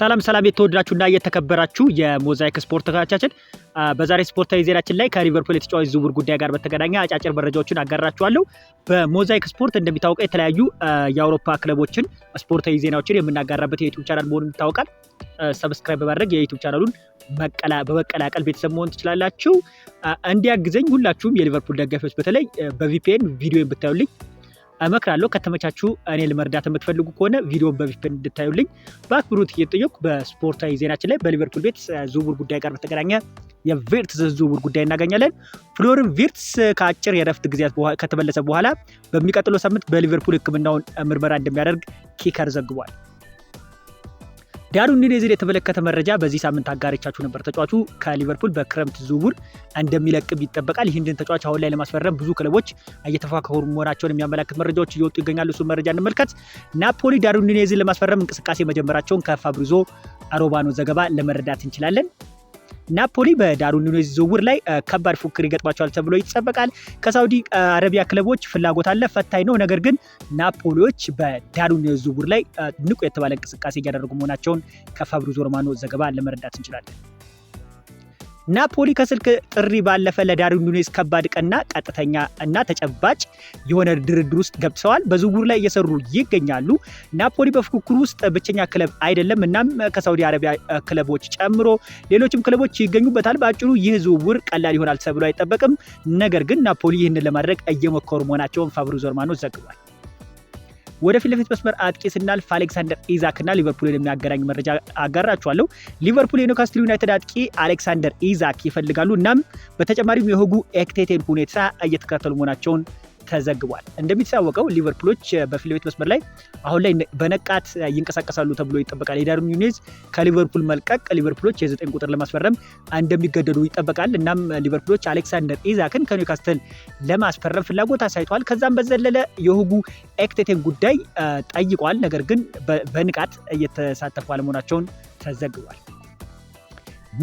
ሰላም ሰላም የተወደዳችሁና የተከበራችሁ የሞዛይክ ስፖርት ተከታታችን፣ በዛሬ ስፖርታዊ ዜናችን ላይ ከሊቨርፑል የተጫዋች ዝውውር ጉዳይ ጋር በተገናኘ አጫጭር መረጃዎችን አጋራችኋለሁ። በሞዛይክ ስፖርት እንደሚታወቀው የተለያዩ የአውሮፓ ክለቦችን ስፖርታዊ ዜናዎችን የምናጋራበት የዩቱብ ቻናል መሆኑን ይታወቃል። ሰብስክራይብ በማድረግ የዩቱብ ቻናሉን በመቀላቀል ቤተሰብ መሆን ትችላላችሁ። እንዲያግዘኝ ሁላችሁም የሊቨርፑል ደጋፊዎች በተለይ በቪፒኤን ቪዲዮ ብታዩልኝ እመክራለሁ። ከተመቻችሁ እኔ ልመርዳት የምትፈልጉ ከሆነ ቪዲዮን በፊት እንድታዩልኝ በአክብሮት እየጠየኩ በስፖርታዊ ዜናችን ላይ በሊቨርፑል ቤት ዝውውር ጉዳይ ጋር በተገናኘ የቬርትስ ዝውውር ጉዳይ እናገኛለን። ፍሎርን ቪርትስ ከአጭር የረፍት ጊዜያት ከተመለሰ በኋላ በሚቀጥለው ሳምንት በሊቨርፑል ሕክምናውን ምርመራ እንደሚያደርግ ኪከር ዘግቧል። ዳሩ ኑኔዝን የተመለከተ መረጃ በዚህ ሳምንት አጋርቻችሁ ነበር። ተጫዋቹ ከሊቨርፑል በክረምት ዝውውር እንደሚለቅም ይጠበቃል። ይህንን ተጫዋች አሁን ላይ ለማስፈረም ብዙ ክለቦች እየተፋከሩ መሆናቸውን የሚያመላክት መረጃዎች እየወጡ ይገኛሉ። እሱን መረጃ እንመልከት። ናፖሊ ዳሩ ኑኔዝን ለማስፈረም እንቅስቃሴ መጀመራቸውን ከፋብሪዞ አሮባኖ ዘገባ ለመረዳት እንችላለን። ናፖሊ በዳሩ ኑኔዝ ዝውውር ላይ ከባድ ፉክር ይገጥማቸዋል ተብሎ ይጠበቃል። ከሳውዲ አረቢያ ክለቦች ፍላጎት አለ፣ ፈታኝ ነው። ነገር ግን ናፖሊዎች በዳሩ ኑኔዝ ዝውውር ላይ ንቁ የተባለ እንቅስቃሴ እያደረጉ መሆናቸውን ከፋብሪዞ ሮማኖ ዘገባ ለመረዳት እንችላለን። ናፖሊ ከስልክ ጥሪ ባለፈ ለዳርዊን ኑኔዝ ከባድ ቀና ቀጥተኛ እና ተጨባጭ የሆነ ድርድር ውስጥ ገብተዋል። በዝውውር ላይ እየሰሩ ይገኛሉ። ናፖሊ በፉክክሩ ውስጥ ብቸኛ ክለብ አይደለም። እናም ከሳውዲ አረቢያ ክለቦች ጨምሮ ሌሎችም ክለቦች ይገኙበታል። በአጭሩ ይህ ዝውውር ቀላል ይሆናል ተብሎ አይጠበቅም። ነገር ግን ናፖሊ ይህንን ለማድረግ እየሞከሩ መሆናቸውን ፋብሪዞ ሮማኖ ዘግቧል። ወደ ፊት ለፊት መስመር አጥቂ ስናልፍ አሌክሳንደር ኢዛክና ሊቨርፑልን የሚያገናኝ መረጃ አጋራችኋለሁ። ሊቨርፑል የኒውካስትል ዩናይትድ አጥቂ አሌክሳንደር ኢዛክ ይፈልጋሉ። እናም በተጨማሪም የህጉ ኤክቴቴን ሁኔታ እየተከታተሉ መሆናቸውን ተዘግቧል። እንደሚታወቀው ሊቨርፑሎች በፊት ለፊት መስመር ላይ አሁን ላይ በነቃት ይንቀሳቀሳሉ ተብሎ ይጠበቃል። የዳርዊን ኑኔዝ ከሊቨርፑል መልቀቅ ሊቨርፑሎች የዘጠኝ ቁጥር ለማስፈረም እንደሚገደዱ ይጠበቃል። እናም ሊቨርፑሎች አሌክሳንደር ኢዛክን ከኒውካስተል ለማስፈረም ፍላጎት አሳይተዋል። ከዛም በዘለለ የሁጉ ኤክቴቴን ጉዳይ ጠይቋል። ነገር ግን በንቃት እየተሳተፉ አለመሆናቸውን ተዘግቧል።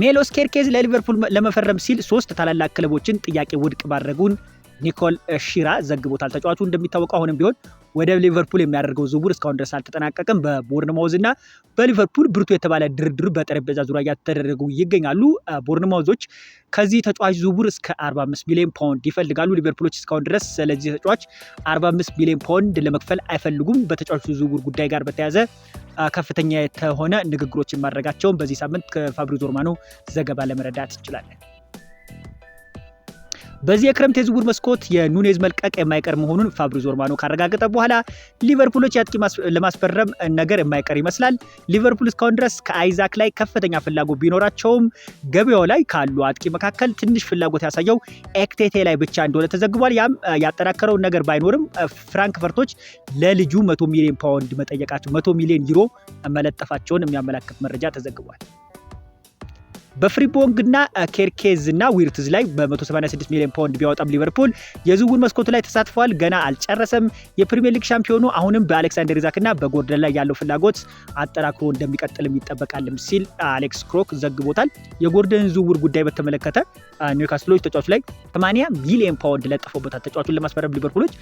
ሜሎስ ኬርኬዝ ለሊቨርፑል ለመፈረም ሲል ሶስት ታላላቅ ክለቦችን ጥያቄ ውድቅ ማድረጉን ኒኮል ሺራ ዘግቦታል። ተጫዋቹ እንደሚታወቀው አሁንም ቢሆን ወደ ሊቨርፑል የሚያደርገው ዝውውር እስካሁን ድረስ አልተጠናቀቅም። በቦርንማውዝ እና በሊቨርፑል ብርቱ የተባለ ድርድር በጠረጴዛ ዙሪያ እያተደረጉ ይገኛሉ። ቦርንማውዞች ከዚህ ተጫዋች ዝውውር እስከ 45 ሚሊዮን ፓውንድ ይፈልጋሉ። ሊቨርፑሎች እስካሁን ድረስ ስለዚህ ተጫዋች 45 ሚሊዮን ፓውንድ ለመክፈል አይፈልጉም። በተጫዋቹ ዝውውር ጉዳይ ጋር በተያያዘ ከፍተኛ የተሆነ ንግግሮችን ማድረጋቸውን በዚህ ሳምንት ከፋብሪዞ ሮማኖ ዘገባ ለመረዳት እንችላለን። በዚህ የክረምት የዝውውር መስኮት የኑኔዝ መልቀቅ የማይቀር መሆኑን ፋብሪዞ ሮማኖ ካረጋገጠ በኋላ ሊቨርፑሎች የአጥቂ ለማስፈረም ነገር የማይቀር ይመስላል። ሊቨርፑል እስካሁን ድረስ ከአይዛክ ላይ ከፍተኛ ፍላጎት ቢኖራቸውም ገበያው ላይ ካሉ አጥቂ መካከል ትንሽ ፍላጎት ያሳየው ኤክቴቴ ላይ ብቻ እንደሆነ ተዘግቧል። ያም ያጠናከረውን ነገር ባይኖርም ፍራንክፈርቶች ለልጁ መቶ ሚሊዮን ፓውንድ መጠየቃቸው መቶ ሚሊዮን ዩሮ መለጠፋቸውን የሚያመላክት መረጃ ተዘግቧል። በፍሪቦንግ ና ኬርኬዝ ና ዊርትዝ ላይ በ186 ሚሊዮን ፓውንድ ቢያወጣም ሊቨርፑል የዝውውር መስኮቱ ላይ ተሳትፏል፣ ገና አልጨረሰም። የፕሪሚየር ሊግ ሻምፒዮኑ አሁንም በአሌክሳንደር ዛክ ና በጎርደን ላይ ያለው ፍላጎት አጠራክሮ እንደሚቀጥልም ይጠበቃልም ሲል አሌክስ ክሮክ ዘግቦታል። የጎርደን ዝውውር ጉዳይ በተመለከተ ኒውካስሎች ተጫዋቹ ላይ 80 ሚሊዮን ፓውንድ ለጥፈውበታል። ተጫዋቹን ለማስፈረም ሊቨርፑሎች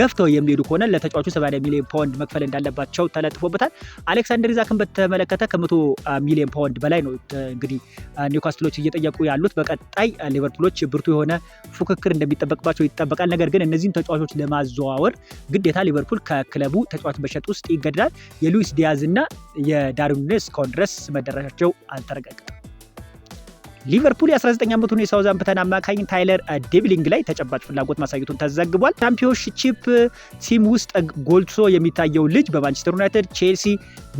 ገፍተው የሚሄዱ ከሆነ ለተጫዋቹ 80 ሚሊዮን ፓውንድ መክፈል እንዳለባቸው ተለጥፎበታል። አሌክሳንደር ዛክን በተመለከተ ከመቶ ሚሊዮን ፓውንድ በላይ ነው እንግዲህ ኒውካስትሎች እየጠየቁ ያሉት በቀጣይ ሊቨርፑሎች ብርቱ የሆነ ፉክክር እንደሚጠበቅባቸው ይጠበቃል። ነገር ግን እነዚህን ተጫዋቾች ለማዘዋወር ግዴታ ሊቨርፑል ከክለቡ ተጫዋች በሸጥ ውስጥ ይገድዳል። የሉዊስ ዲያዝ እና የዳርዊን ኑኔዝ እስካሁን ድረስ መዳረሻቸው አልተረጋገጠም። ሊቨርፑል የ19 ዓመቱን የሳውዛምፕተን አማካኝ ታይለር ዴብሊንግ ላይ ተጨባጭ ፍላጎት ማሳየቱን ተዘግቧል። ቻምፒዮንሺፕ ቲም ውስጥ ጎልቶ የሚታየው ልጅ በማንቸስተር ዩናይትድ፣ ቼልሲ፣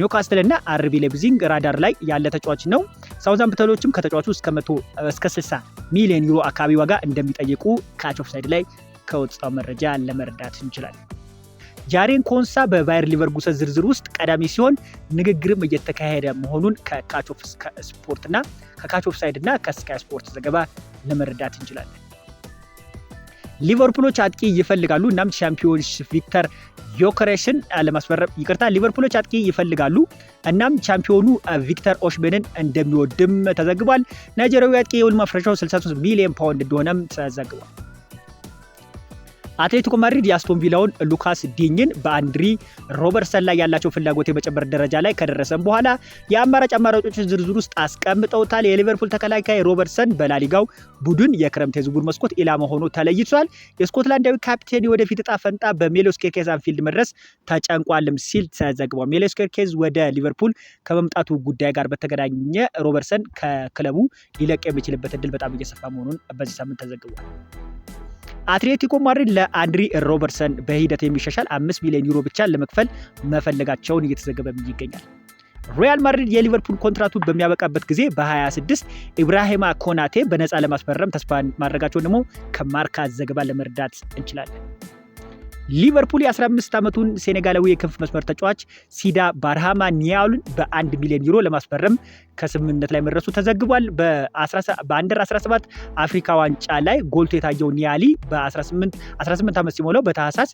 ኒውካስትል እና አርቢ ሌብዚንግ ራዳር ላይ ያለ ተጫዋች ነው። ሳውዛምፕተኖችም ከተጫዋቹ እስከ መቶ እስከ 60 ሚሊዮን ዩሮ አካባቢ ዋጋ እንደሚጠይቁ ካች ኦፍ ሳይድ ላይ ከወጣው መረጃ ለመረዳት እንችላለን። ጃሬን ኮንሳ በባየር ሊቨርጉሰ ዝርዝር ውስጥ ቀዳሚ ሲሆን ንግግርም እየተካሄደ መሆኑን ከካች ኦፍ ስፖርትና ከካች ኦፍ ሳይድና ከስካይ ስፖርት ዘገባ ለመረዳት እንችላለን። ሊቨርፑሎች አጥቂ ይፈልጋሉ። እናም ቻምፒዮንስ ቪክተር ዮከሬስን ለማስፈረም ይቅርታ፣ ሊቨርፑሎች አጥቂ ይፈልጋሉ። እናም ቻምፒዮኑ ቪክተር ኦሽሜንን እንደሚወድም ተዘግቧል። ናይጀሪያዊ አጥቂ የውል ማፍረሻው 63 ሚሊዮን ፓውንድ እንደሆነም ተዘግቧል። አትሌቲኮ ማድሪድ የአስቶን ቪላውን ሉካስ ዲኝን በአንድሪ ሮበርሰን ላይ ያላቸው ፍላጎት የመጨመር ደረጃ ላይ ከደረሰም በኋላ የአማራጭ አማራጮችን ዝርዝር ውስጥ አስቀምጠውታል። የሊቨርፑል ተከላካይ ሮበርሰን በላሊጋው ቡድን የክረምት የዝውውር መስኮት ኢላማ ሆኖ ተለይቷል። የስኮትላንዳዊ ካፕቴን ወደፊት እጣ ፈንታ በሜሎስ ኬርኬዝ አንፊልድ መድረስ ተጨንቋልም ሲል ተዘግቧል። ሜሎስ ኬርኬዝ ወደ ሊቨርፑል ከመምጣቱ ጉዳይ ጋር በተገናኘ ሮበርሰን ከክለቡ ሊለቅ የሚችልበት እድል በጣም እየሰፋ መሆኑን በዚህ ሳምንት ተዘግቧል። አትሌቲኮ ማድሪድ ለአንድሪ ሮበርትሰን በሂደት የሚሻሻል አምስት ሚሊዮን ዩሮ ብቻ ለመክፈል መፈለጋቸውን እየተዘገበ ይገኛል። ሪያል ማድሪድ የሊቨርፑል ኮንትራቱ በሚያበቃበት ጊዜ በ26 ኢብራሂማ ኮናቴ በነፃ ለማስፈረም ተስፋ ማድረጋቸውን ደግሞ ከማርካ ዘገባ ለመረዳት እንችላለን። ሊቨርፑል የ15 ዓመቱን ሴኔጋላዊ የክንፍ መስመር ተጫዋች ሲዳ ባርሃማ ኒያሉን በ1 ሚሊዮን ዩሮ ለማስፈረም ከስምምነት ላይ መድረሱ ተዘግቧል። በአንደር 17 አፍሪካ ዋንጫ ላይ ጎልቶ የታየው ኒያሊ በ18 ዓመት ሲሞላው በታህሳስ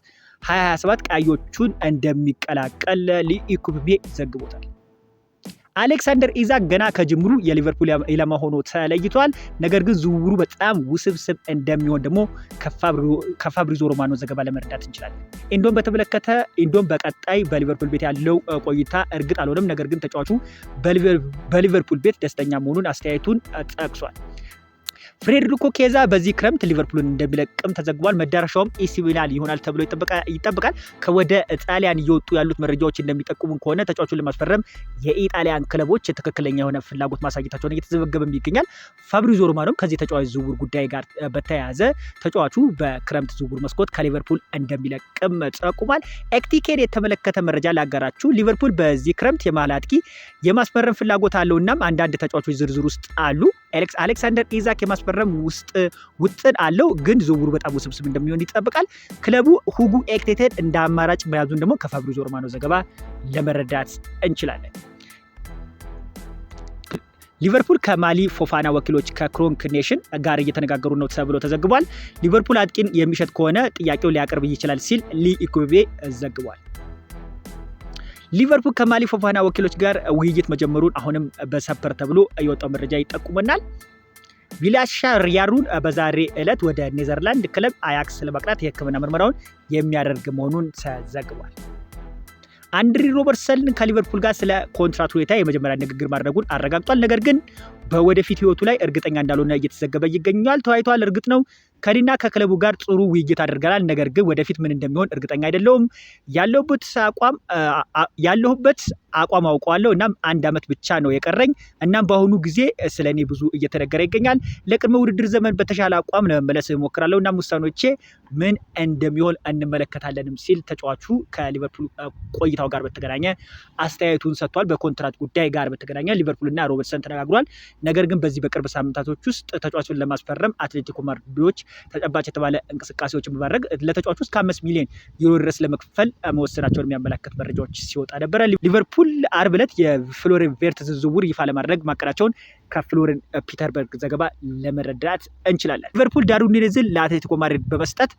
2027 ቀያዮቹን እንደሚቀላቀል ለኢኩፕቤ ዘግቦታል። አሌክሳንደር ኢዛክ ገና ከጅምሩ የሊቨርፑል ኢላማ ሆኖ ተለይቷል። ነገር ግን ዝውውሩ በጣም ውስብስብ እንደሚሆን ደግሞ ከፋብሪዞ ሮማኖ ዘገባ ለመረዳት እንችላለን። ኢንዶን በተመለከተ ኢንዶን በቀጣይ በሊቨርፑል ቤት ያለው ቆይታ እርግጥ አልሆነም። ነገር ግን ተጫዋቹ በሊቨርፑል ቤት ደስተኛ መሆኑን አስተያየቱን ጠቅሷል። ፍሬድሪኮ ኬዛ በዚህ ክረምት ሊቨርፑልን እንደሚለቅም ተዘግቧል። መዳረሻውም ኤሲ ሚላን ይሆናል ተብሎ ይጠበቃል። ከወደ ጣሊያን እየወጡ ያሉት መረጃዎች እንደሚጠቁሙን ከሆነ ተጫዋቹን ለማስፈረም የኢጣሊያን ክለቦች ትክክለኛ የሆነ ፍላጎት ማሳየታቸውን እየተዘገበም ይገኛል። ፋብሪዞ ሮማኖም ከዚህ ተጫዋች ዝውውር ጉዳይ ጋር በተያያዘ ተጫዋቹ በክረምት ዝውውር መስኮት ከሊቨርፑል እንደሚለቅም ጠቁሟል። ኤክቲኬን የተመለከተ መረጃ ላጋራችሁ። ሊቨርፑል በዚህ ክረምት የመሃል አጥቂ የማስፈረም ፍላጎት አለው። እናም አንዳንድ ተጫዋቾች ዝርዝር ውስጥ አሉ። አሌክሳንደር ኢዛክ የማስ ማስፈረም ውስጥ ውጥን አለው፣ ግን ዝውውሩ በጣም ውስብስብ እንደሚሆን ይጠብቃል። ክለቡ ሁጉ ኤክቴቴድ እንደ አማራጭ መያዙን ደግሞ ከፋብሪዞ ሮማኖ ዘገባ ለመረዳት እንችላለን። ሊቨርፑል ከማሊ ፎፋና ወኪሎች ከክሮንክ ኔሽን ጋር እየተነጋገሩ ነው ተብሎ ተዘግቧል። ሊቨርፑል አጥቂን የሚሸጥ ከሆነ ጥያቄው ሊያቀርብ ይችላል ሲል ሊ ኢኩቤ ዘግቧል። ሊቨርፑል ከማሊ ፎፋና ወኪሎች ጋር ውይይት መጀመሩን አሁንም በሰበር ተብሎ የወጣው መረጃ ይጠቁመናል። ቪላሻ ሪያሩን በዛሬ ዕለት ወደ ኔዘርላንድ ክለብ አያክስ ለመቅናት የሕክምና ምርመራውን የሚያደርግ መሆኑን ተዘግቧል። አንድሪ ሮበርትሰን ከሊቨርፑል ጋር ስለ ኮንትራት ሁኔታ የመጀመሪያ ንግግር ማድረጉን አረጋግጧል። ነገር ግን በወደፊት ህይወቱ ላይ እርግጠኛ እንዳልሆነ እየተዘገበ ይገኛል። ተወያይተዋል፣ እርግጥ ነው። ከኔና ከክለቡ ጋር ጥሩ ውይይት አድርገናል። ነገር ግን ወደፊት ምን እንደሚሆን እርግጠኛ አይደለውም። ያለሁበት አቋም ያለሁበት አቋም አውቀዋለሁ። እናም አንድ አመት ብቻ ነው የቀረኝ። እናም በአሁኑ ጊዜ ስለ እኔ ብዙ እየተነገረ ይገኛል። ለቅድመ ውድድር ዘመን በተሻለ አቋም ለመመለስ እሞክራለሁ። እናም ውሳኔዎቼ ምን እንደሚሆን እንመለከታለንም ሲል ተጫዋቹ ከሊቨርፑል ቆይታው ጋር በተገናኘ አስተያየቱን ሰጥቷል። በኮንትራት ጉዳይ ጋር በተገናኘ ሊቨርፑልና ሮበርትሰን ተነጋግሯል። ነገር ግን በዚህ በቅርብ ሳምንታቶች ውስጥ ተጫዋቹን ለማስፈረም አትሌቲኮ ማድሪዶች ተጨባጭ የተባለ እንቅስቃሴዎችን በማድረግ ለተጫዋቹ እስከ አምስት ሚሊዮን ዩሮ ድረስ ለመክፈል መወሰናቸውን የሚያመላክት መረጃዎች ሲወጣ ነበረ። ሊቨርፑል አርብ ዕለት የፍሎሪን ቨርትዝ ዝውውር ይፋ ለማድረግ ማቀዳቸውን ከፍሎርን ፒተርበርግ ዘገባ ለመረዳት እንችላለን። ሊቨርፑል ዳሩ ኑኔዝን ለአትሌቲኮ ማድሪድ በመስጠት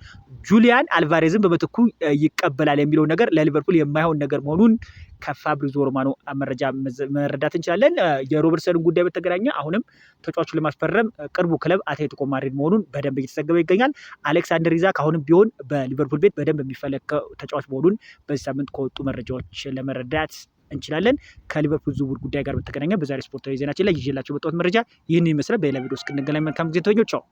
ጁሊያን አልቫሬዝን በምትኩ ይቀበላል የሚለው ነገር ለሊቨርፑል የማይሆን ነገር መሆኑን ከፋብሪዞ ሮማኖ መረጃ መረዳት እንችላለን። የሮበርትሰንን ጉዳይ በተገናኘ አሁንም ተጫዋቹን ለማስፈረም ቅርቡ ክለብ አትሌቲኮ ማድሪድ መሆኑን በደንብ እየተዘገበ ይገኛል። አሌክሳንደር ኢዛክ አሁንም ቢሆን በሊቨርፑል ቤት በደንብ የሚፈለግ ተጫዋች መሆኑን በዚህ ሳምንት ከወጡ መረጃዎች ለመረዳት እንችላለን። ከሊቨርፑል ዝውውር ጉዳይ ጋር በተገናኘ በዛሬ ስፖርታዊ ዜናችን ላይ ይዤላቸው የመጣሁት መረጃ ይህን ይመስላል። በሌላ ቪዲዮ እስክንገናኝ መልካም ጊዜ ተወኞ ቻው።